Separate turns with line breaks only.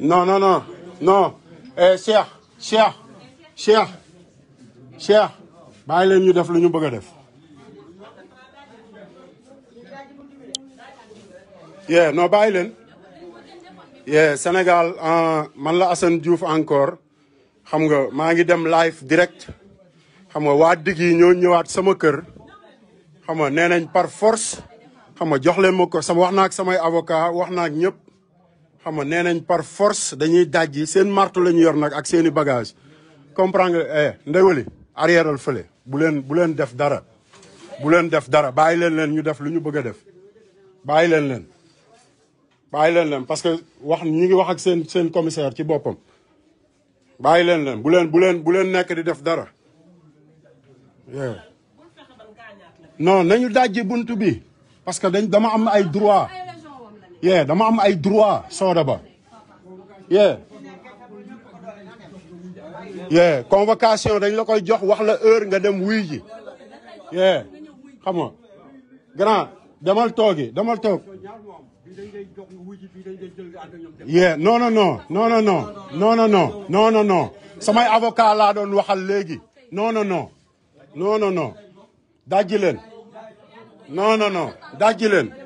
non non non non eh, Cheikh Cheikh Cheikh Cheikh bàyyi leen ñu def lu ñu bëgg a def yeah non bàyyi leen yeah Sénégal ah, man la Assane Diouf encore xam nga maa ngi dem live direct xam nga waa digg yi ñëwaat sama kër xam nga nee nañ par force xam nga jox leen ma ko sama wax naak samay avocat wax naak ñëpp xam nga nee nañ par force dañuy dajji seen martu lañu ñu yor nag ak seeni bagage comprendre nga eh ndewali arrièreal fële bu leen bu leen def dara bu leen def dara bàyyi leen leen ñu def lu ñu bëgg a def bàyyi leen leen bàyyi leen leen parce que wax ñu ngi wax ak seen seen commissaire ci boppam bàyyi leen leen bu leen bu leen bu leen nekk di def dara non nañu dajji bunt bi parce que dañ dama am ay droit yeah dama am ay droit sooda ba yeah yeah convocation dañ la koy jox wax la heure nga dem wuy ji yeah xam nga grand demal toogi demal toog yeah non non non non non non non non non samay avocat laa doon waxal léegi non non non non non non leen non non non leen